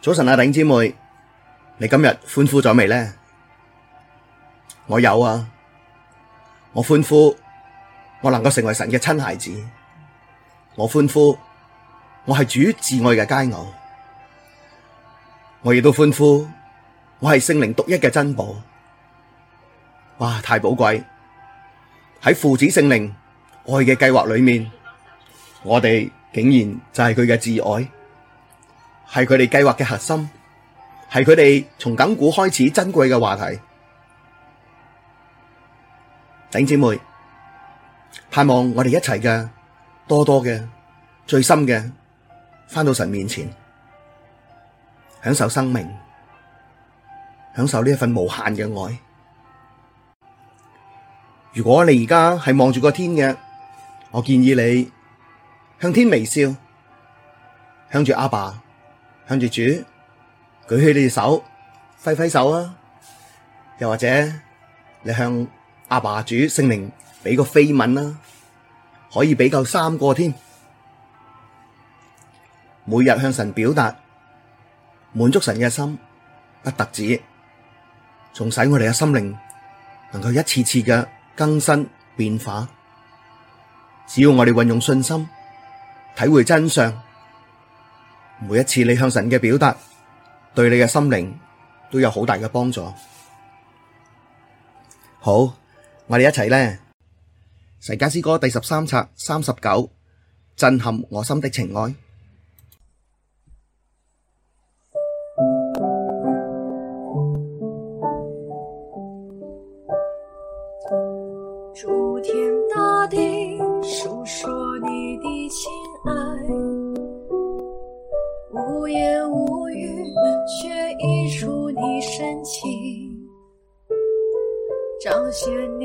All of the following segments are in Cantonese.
早晨啊，頂姐妹，你今日歡呼咗未呢？我有啊，我歡呼，我能夠成為神嘅親孩子，我歡呼我，我係主至愛嘅佳偶，我亦都歡呼，我係聖靈獨一嘅珍寶。哇，太寶貴！喺父子聖靈愛嘅計劃裏面，我哋竟然就係佢嘅至愛。係佢哋計劃嘅核心，係佢哋從亙古開始珍貴嘅話題。弟姐妹盼望，我哋一齊嘅，多多嘅，最深嘅，返到神面前，享受生命，享受呢一份無限嘅愛。如果你而家係望住個天嘅，我建議你向天微笑，向住阿爸。向住主舉起你隻手，揮揮手啊！又或者你向阿爸主聖靈俾個飛吻啦，啊，可以俾夠三個添，啊。每日向神表達，滿足神嘅心，不特止，仲使我哋嘅心靈能夠一次次嘅更新變化。只要我哋運用信心，體會真相。每一次你向神嘅表達，對你嘅心靈都有好大嘅幫助。好，我哋一齊咧，《神家詩歌》第十三冊三十九，震撼我心的情愛。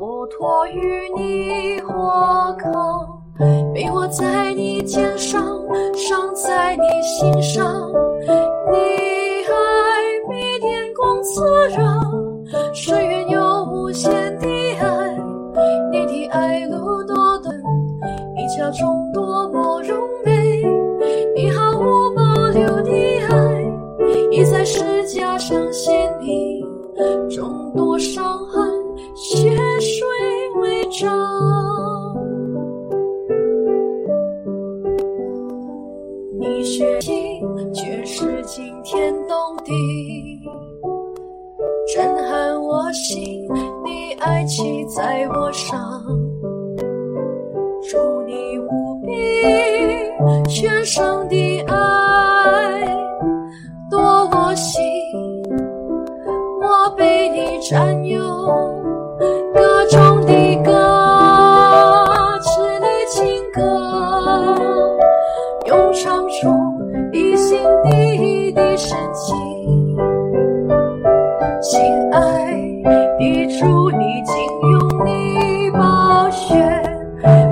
我脫淤泥、禍坑，背我在你肩上，鑲在你心上。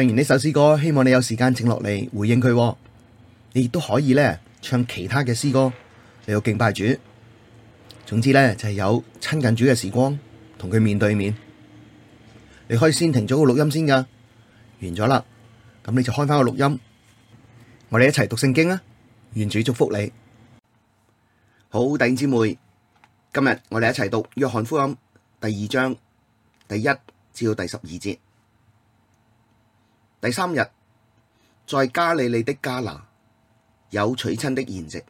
唱完呢首詩歌，希望你有時間靜落嚟回應佢。你亦都可以咧唱其他嘅詩歌嚟到敬拜主。總之咧就係、是、有親近主嘅時光，同佢面對面。你可以先停咗個錄音先㗎，完咗啦，咁你就開返個錄音。我哋一齊讀聖經啊！願主祝福你，好弟兄姊妹。今日我哋一齊讀約翰福音第二章第一至到第十二節。第三日，在加利利的迦拿有娶親的筵席，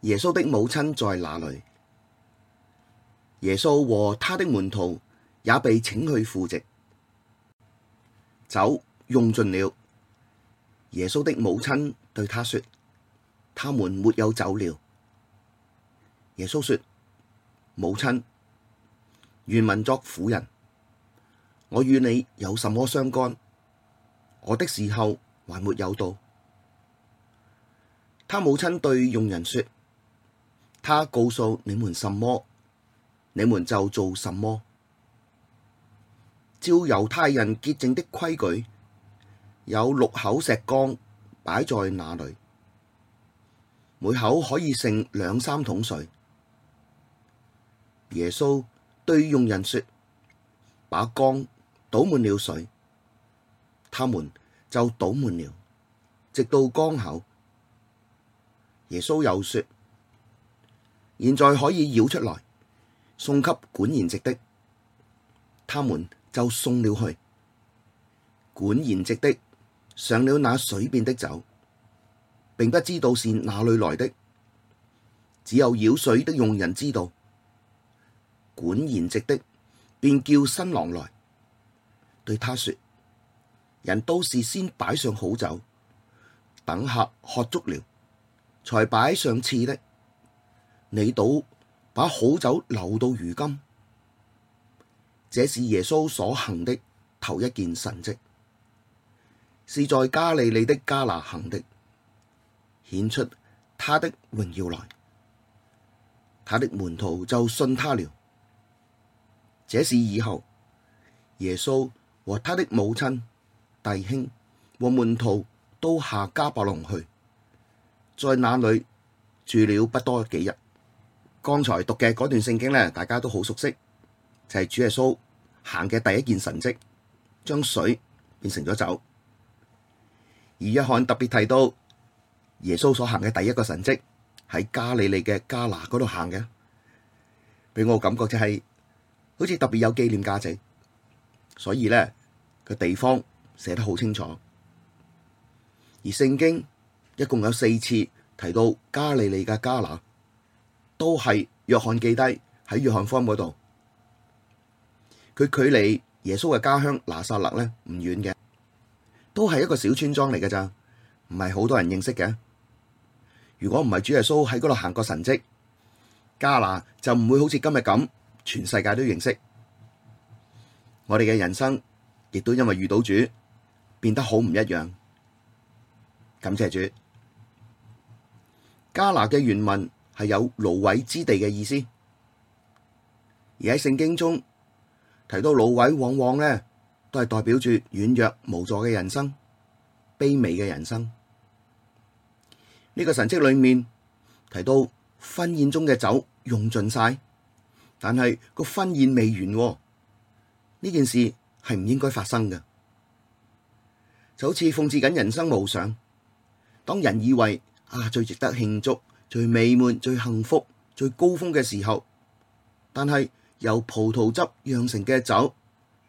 耶穌的母親在那裡，耶穌和他的門徒也被請去赴席。酒用盡了，耶穌的母親對他說：他們沒有酒了。耶穌說：母親，原文作婦人，我與你有什麼相干？我的時候還沒有到。他母親對用人說：他告訴你們什麼，你們就做什麼。照猶太人潔淨的規矩，有六口石缸擺在那裏，每口可以盛兩三桶水。耶穌對用人說：把缸倒滿了水。他們就倒滿了，直到缸口。耶穌又說：現在可以舀出來，送給管筵席的。他們就送了去。管筵席的嘗了那水變的酒，並不知道是哪裏來的，只有舀水的用人知道。管筵席的便叫新郎來，對他說。人都是先擺上好酒，等客喝足了，才擺上次的。你倒把好酒留到如今，這是耶穌所行的頭一件神蹟，是在加利利的迦拿行的，顯出他的榮耀來。他的門徒就信他了。這事以後耶穌和他的母親。弟兄和門徒都下迦百農去，在那裏住了不多幾日。剛才讀嘅嗰段聖經咧，大家都好熟悉，就係主耶穌行嘅第一件神蹟，將水變成咗酒。而約翰特別提到耶穌所行嘅第一個神蹟喺加利利嘅迦拿嗰度行嘅，俾我感覺就係好似特別有紀念價值，所以呢個地方。寫得好清楚，而聖經一共有四次提到加利利嘅迦拿，都係約翰記低喺約翰方嗰度。佢距離耶穌嘅家鄉拿撒勒咧唔遠嘅，都係一個小村莊嚟嘅咋，唔係好多人認識嘅。如果唔係主耶穌喺嗰度行過神蹟，迦拿就唔會好似今日咁全世界都認識。我哋嘅人生亦都因為遇到主，變得好唔一樣。感謝主，迦拿嘅原文係有蘆葦之地嘅意思，而喺聖經中提到蘆葦，往往咧都係代表住軟弱無助嘅人生、卑微嘅人生。呢、這個神蹟裏面提到婚宴中嘅酒用盡晒，但係個婚宴未完，呢件事係唔應該發生嘅。就好似諷刺緊人生無常，當人以為啊最值得慶祝、最美滿、最幸福、最高峰嘅時候，但係由葡萄汁釀成嘅酒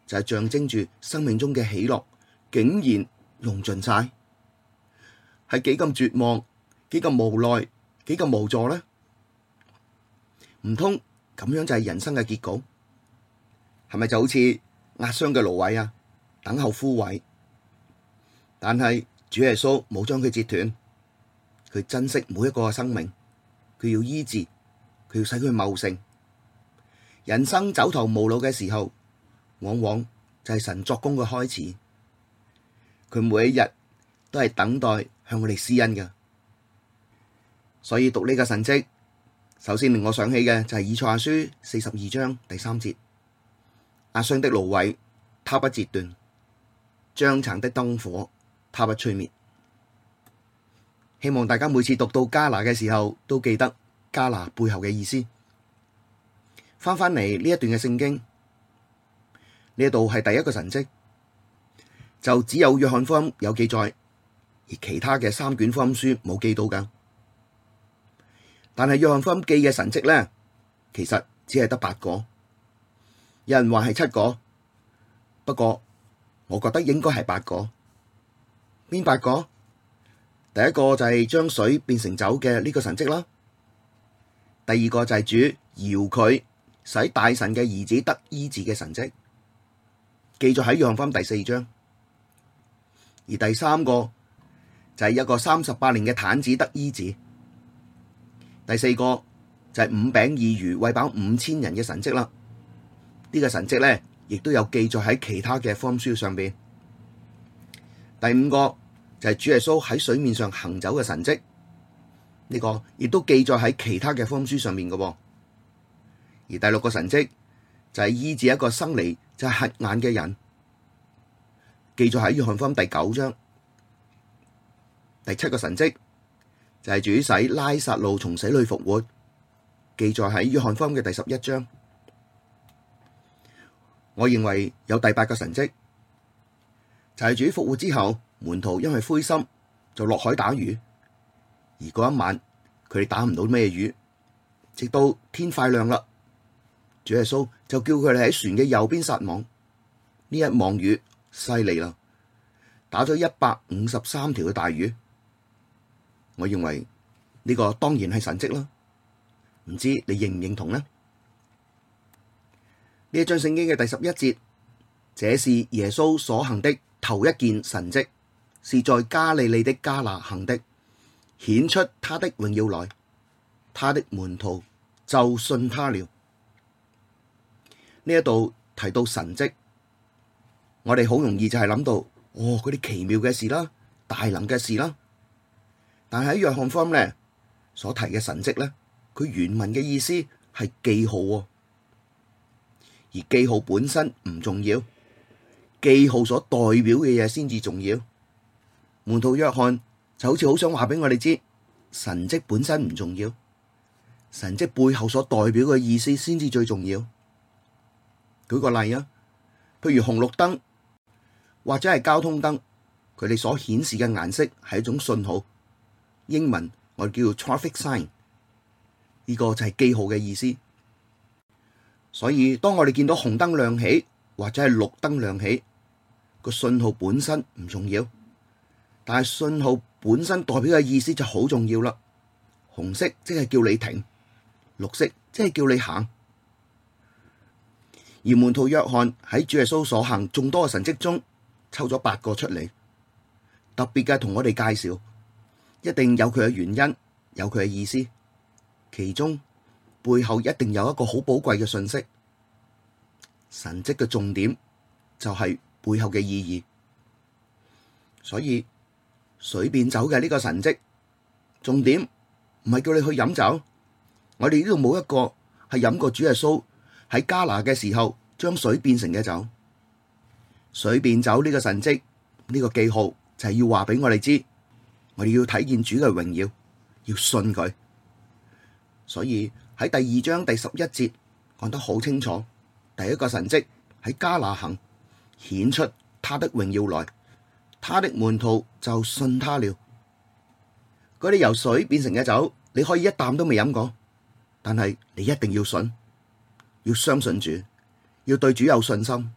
就係、是、象徵住生命中嘅喜樂，竟然用盡晒，係幾咁絕望、幾咁無奈、幾咁無助呢？唔通咁樣就係人生嘅結局？係咪就好似壓傷嘅蘆葦啊，等候枯萎？但係主耶穌冇將佢截斷，佢珍惜每一個嘅生命，佢要醫治，佢要使佢茂盛。人生走投無路嘅時候，往往就係神作工嘅開始。佢每一日都係等待向我哋施恩嘅，所以讀呢個神蹟，首先令我想起嘅就係以賽亞書四十二章第三節：壓傷的蘆葦，他不截斷，將殘的燈火，他不吹滅，希望大家每次讀到加拿嘅時候，都記得加拿背後嘅意思。翻返嚟呢一段嘅聖經，呢度係第一個神跡，就只有約翰福音有記載，而其他嘅三卷福音書冇記到噶。但係約翰福音記嘅神跡咧，其實只係得八個，有人話係七個，不過我覺得應該係八個。邊八個？第一個就係將水變成酒嘅呢個神蹟啦。第二個就係主搖佢使大臣嘅兒子得醫治嘅神蹟，記載喺約翰福音第四章。而第三個就係一個三十八年嘅癱子得醫治。第四個就係五餅二魚餵飽五千人嘅神蹟啦。呢個神蹟咧，亦都有記載喺其他嘅福音書上邊。第五個。就係主耶穌喺水面上行走嘅神蹟，呢、這個亦都記載喺其他嘅福音書上面嘅。而第六個神蹟就係醫治一個生嚟就是、瞎眼嘅人，記載喺約翰福音第九章。第七個神蹟就係主使拉撒路從死裏复活，記載喺約翰福音嘅第十一章。我認為有第八個神蹟就係主復活之後。門徒因為灰心就落海打魚，而嗰一晚佢哋打唔到咩魚，直到天快亮啦，主耶穌就叫佢哋喺船嘅右邊撒網，呢一網魚犀利啦，打咗一百五十三條嘅大魚。我認為呢個當然係神蹟啦，唔知你認唔認同呢？呢一章聖經嘅第十一節，這是耶穌所行的頭一件神蹟。是在加利利的迦拿行的，顯出他的榮耀來，他的門徒就信他了。呢一度提到神蹟，我哋好容易就係諗到哦，嗰啲奇妙嘅事啦，大能嘅事啦。但係喺約翰方咧所提嘅神蹟咧，佢原文嘅意思係記號哦，而記號本身唔重要，記號所代表嘅嘢先至重要。門徒約翰就好似好想話俾我哋知，神蹟本身唔重要，神蹟背後所代表嘅意思先至最重要。舉個例啊，譬如紅綠燈或者係交通燈，佢哋所顯示嘅顏色係一種信號。英文我哋叫做 traffic sign，呢個就係記號嘅意思。所以當我哋見到紅燈亮起或者係綠燈亮起，個信號本身唔重要。但係信號本身代表嘅意思就好重要啦。紅色即係叫你停，綠色即係叫你行。而門徒約翰喺主耶穌所行眾多嘅神蹟中，抽咗八個出嚟，特別嘅同我哋介紹，一定有佢嘅原因，有佢嘅意思，其中背後一定有一個好寶貴嘅信息。神蹟嘅重點就係背後嘅意義，所以水變酒嘅呢個神蹟，重點唔係叫你去飲酒。我哋呢度冇一個係飲過主耶穌喺迦拿嘅時候將水變成嘅酒。水變酒呢個神蹟，呢、呢個記號就係要話俾我哋知，我哋要體現主嘅榮耀，要信佢。所以喺第二章第十一節講得好清楚，第一個神蹟喺迦拿行，顯出他的榮耀來。他的門徒就信他了。嗰啲由水變成嘅酒，你可以一啖都未飲過，但係你一定要信，要相信主，要對主有信心，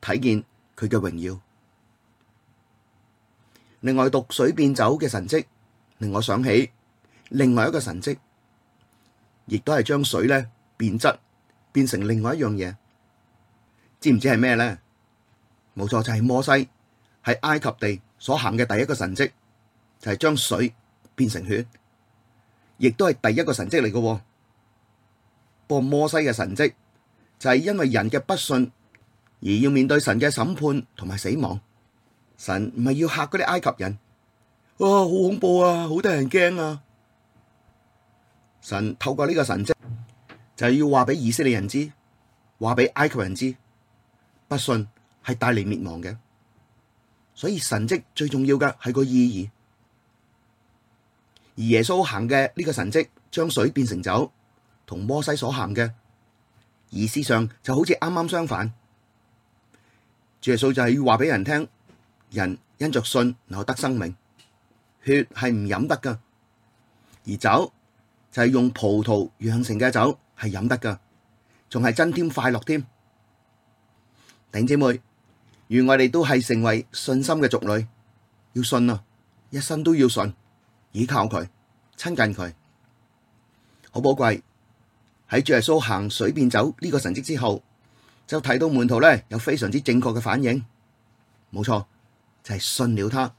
睇見佢嘅榮耀。另外，毒水變酒嘅神蹟，令我想起另外一個神蹟，亦都係將水咧變質變成另外一樣嘢。知唔知係咩咧？冇錯，就係摩西。係埃及地所行嘅第一個神蹟，就係將水變成血，亦都係第一個神蹟嚟嘅。不過摩西嘅神蹟就係因為人嘅不信，而要面對神嘅審判同埋死亡。神唔係要嚇嗰啲埃及人，啊，好恐怖啊，好得人驚啊！神透過呢個神蹟，就係要話俾以色列人知，話俾埃及人知，不信係帶嚟滅亡嘅。所以神蹟最重要嘅係個意義，而耶穌行嘅呢個神蹟，將水變成酒，同摩西所行嘅意思上就好似啱啱相反。耶穌就係要話俾人聽，人因着信然後得生命，血係唔飲得噶，而酒就係用葡萄釀成嘅酒係飲得噶，仲係增添快樂添。弟兄姐妹。如我哋都係成為信心嘅族類，要信啊！一生都要信，倚靠佢，親近佢，好寶貴。喺主耶穌行水變酒」呢個神迹之後，就睇到門徒咧有非常之正確嘅反應，冇錯，就係信了他。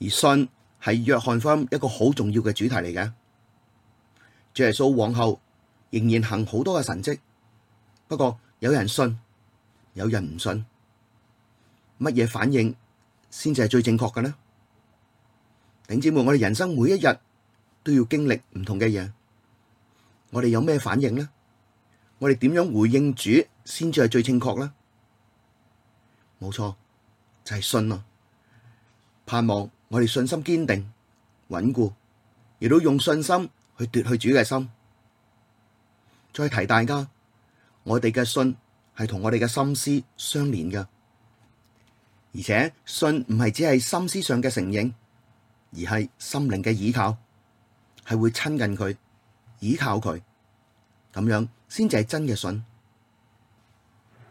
而信係約翰福音一個好重要嘅主題嚟嘅。主耶穌往後仍然行好多嘅神蹟，不過有人信，有人唔信。乜嘢反應先至係最正確嘅呢？弟兄姊妹，我哋人生每一日都要經歷唔同嘅嘢，我哋有咩反應呢？我哋點樣回應主先至係最正確呢？冇錯，就係信啊！盼望我哋信心堅定穩固，亦都用信心去奪去主嘅心。再提大家，我哋嘅信係同我哋嘅心思相連嘅。而且信唔係只係心思上嘅承認，而係心靈嘅依靠，係會親近佢，依靠佢，咁樣先至係真嘅信。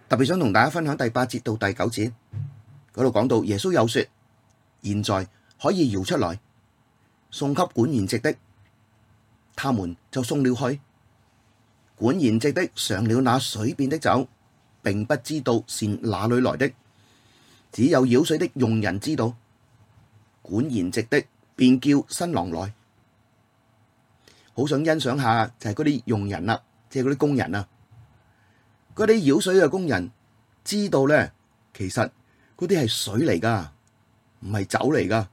特別想同大家分享第八節到第九節嗰度講到耶穌又說：現在可以舀出來，送給管筵席的，他們就送了去。管筵席的嘗了那水變的酒，並不知道是哪裏來的。只有舀水的用人知道，管筵席的便叫新郎來。好想欣賞下就係嗰啲用人啦，即係嗰啲工人啊。嗰啲舀水嘅工人知道咧，其實嗰啲係水嚟噶，唔係酒嚟噶。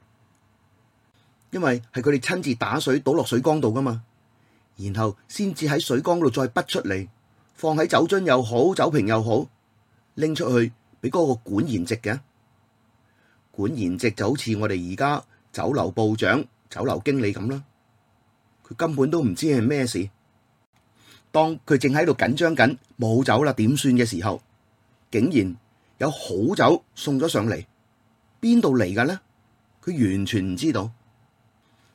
因為係佢哋親自打水倒落水缸度噶嘛，然後先至喺水缸嗰度再滗出嚟，放喺酒樽又好，酒瓶又好，拎出去俾嗰個管筵席嘅。管筵席就好似我哋而家酒樓部長、酒樓經理咁啦。佢根本都唔知係咩事。當佢正喺度緊張緊冇酒啦，點算嘅時候，竟然有好酒送咗上嚟，邊度嚟嘅呢？佢完全唔知道呢，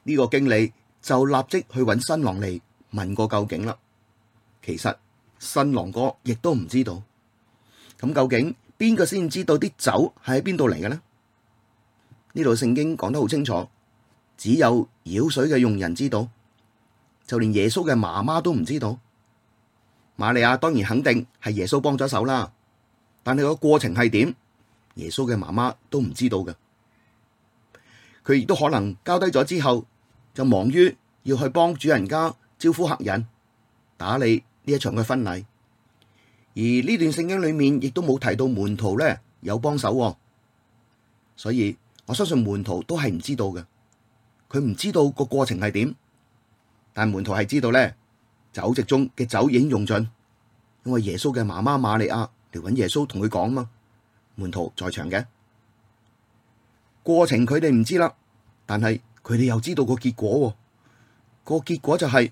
呢個經理就立即去搵新郎嚟問過究竟啦。其實新郎哥亦都唔知道咁，究竟邊個先知道啲酒係喺邊度嚟嘅呢？呢度聖經講得好清楚，只有舀水嘅用人知道，就連耶穌嘅媽媽都唔知道。瑪利亞當然肯定係耶穌幫咗手啦，但係個過程係點，耶穌嘅媽媽都唔知道嘅。佢亦都可能交低咗之後，就忙於要去幫主人家招呼客人，打理呢一場嘅婚禮。而呢段聖經裏面亦都冇提到門徒咧有幫手，所以。我相信門徒都係唔知道嘅，佢唔知道個過程係點，但係門徒係知道咧，酒席中嘅酒已經用盡，因為耶穌嘅媽媽瑪利亞嚟搵耶穌同佢講啊嘛，門徒在場嘅，過程佢哋唔知啦，但係佢哋又知道個結果，個結果就係、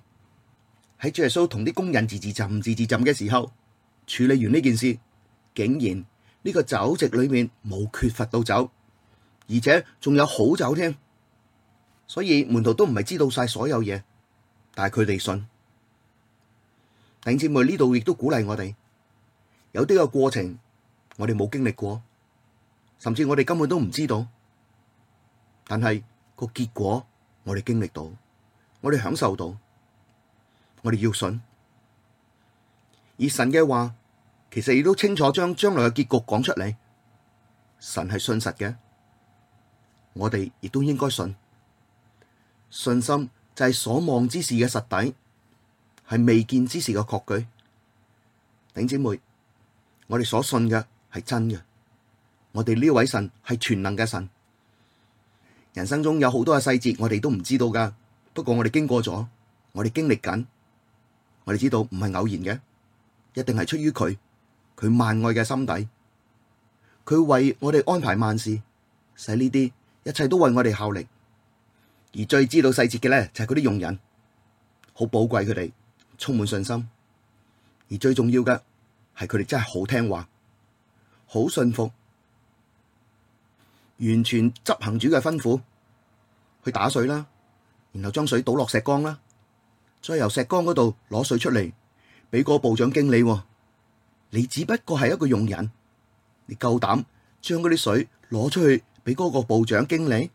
是、喺耶穌同啲工人自自浸、自自浸嘅時候，處理完呢件事，竟然呢個酒席裏面冇缺乏到酒。而且仲有好酒添，所以門徒都唔係知道晒所有嘢，但係佢哋信。弟兄姊妹呢度亦都鼓勵我哋，有啲個過程我哋冇經歷過，甚至我哋根本都唔知道，但係個結果我哋經歷到，我哋享受到，我哋要信以神嘅話，其實亦都清楚將將來嘅結局講出嚟。神係信實嘅。我哋亦都應該信，信心就係所望之事嘅實底，係未見之事嘅確據。頂姐妹，我哋所信嘅係真嘅，我哋呢位神係全能嘅神。人生中有好多嘅細節，我哋都唔知道噶，不過我哋經過咗，我哋經歷緊，我哋知道唔係偶然嘅，一定係出於佢，佢萬愛嘅心底，佢為我哋安排萬事，使呢啲。一切都為我哋效力，而最知道細節嘅咧就係嗰啲用人，好寶貴佢哋，充滿信心，而最重要嘅係佢哋真係好聽話、好信服，完全執行主嘅吩咐去打水啦，然後將水倒落石缸啦，再由石缸嗰度攞水出嚟俾個部長經理。你只不過係一個用人，你夠膽將嗰啲水攞出去？俾嗰個部長經理，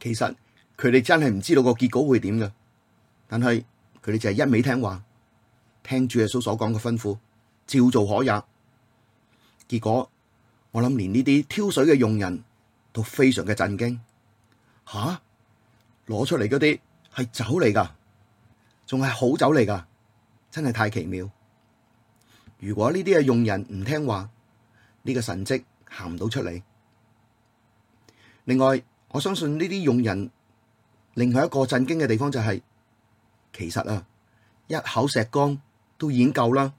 其實佢哋真係唔知道個結果會點噶，但係佢哋就係一味聽話，聽主耶穌所講嘅吩咐，照做可也。結果我諗連呢啲挑水嘅用人都非常嘅震驚，吓、啊、攞出嚟嗰啲係酒嚟噶，仲係好酒嚟噶，真係太奇妙。如果呢啲嘅用人唔聽話，呢、這個神蹟行唔到出嚟。另外，我相信呢啲用人，另外一個震驚嘅地方就係，其實啊，一口石缸都已經夠啦。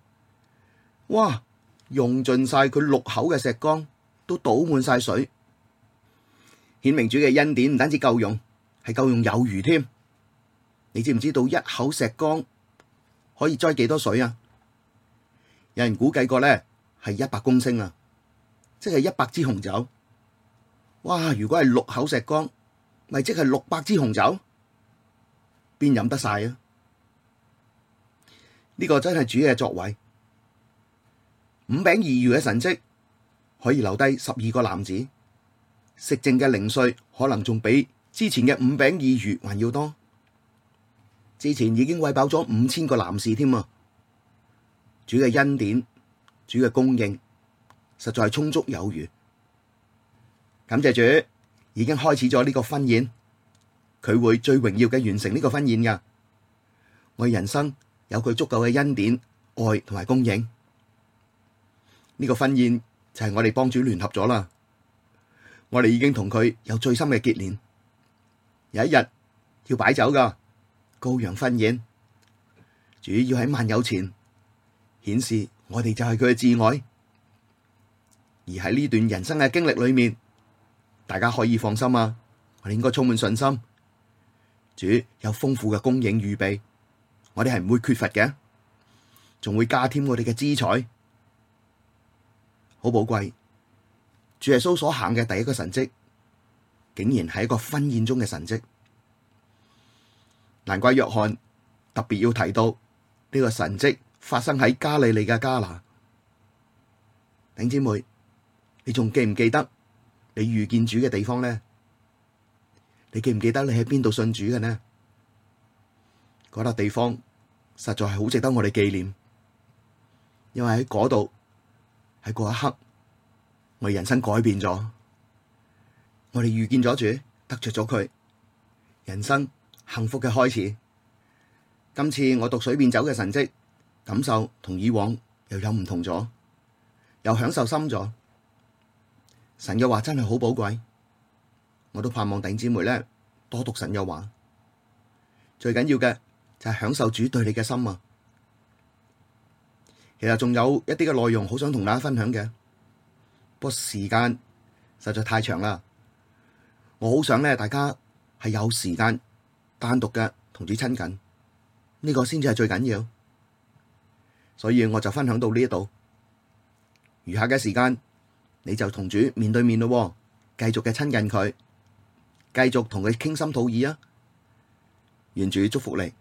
哇，用盡晒佢六口嘅石缸，都倒滿晒水。顯明主嘅恩典唔單止夠用，係夠用有餘添。你知唔知道一口石缸可以載幾多水啊？有人估計過咧，係一百公升啊，即係一百支紅酒。哇！如果係六口石缸，咪即係六百支紅酒，邊飲得晒啊？呢個真係主嘅作為，五餅二魚嘅神迹，可以留低十二個男子食剩嘅零碎，可能仲比之前嘅五餅二魚還要多。之前已經喂飽咗五千個男士添啊！主嘅恩典，主嘅供應，實在係充足有餘。感謝主，已經開始咗呢個婚宴，佢會最榮耀嘅完成呢個婚宴噶。我人生有佢足夠嘅恩典、愛同埋供應。呢個婚宴就係我哋幫主聯合咗啦，我哋已經同佢有最深嘅結連。有一日要擺酒噶羔羊婚宴，主要喺萬有前顯示我哋就係佢嘅至愛，而喺呢段人生嘅經歷裏面。大家可以放心啊！我哋應該充滿信心。主有豐富嘅供應預備，我哋係唔會缺乏嘅，仲會加添我哋嘅資財，好寶貴。主耶穌所行嘅第一個神蹟，竟然係一個婚宴中嘅神蹟，難怪約翰特別要提到呢個神蹟發生喺加利利嘅迦拿。頂姐妹，你仲記唔記得？你遇見主嘅地方咧，你記唔記得你喺邊度信主嘅呢？嗰笪地方實在係好值得我哋紀念，因為喺嗰度喺嗰一刻，我人生改變咗，我哋遇見咗主，得着咗佢，人生幸福嘅開始。今次我讀水變酒嘅神蹟，感受同以往又有唔同咗，又享受深咗。神嘅話真係好寶貴，我都盼望弟兄姊妹咧多讀神嘅話。最緊要嘅就係享受主對你嘅心啊！其實仲有一啲嘅內容好想同大家分享嘅，不過時間實在太長啦。我好想咧大家係有時間單獨嘅同主親近，呢個先至係最緊要。所以我就分享到呢一度，餘下嘅時間，你就同主面對面咯，繼續嘅親近佢，繼續同佢傾心吐意啊，願主祝福你。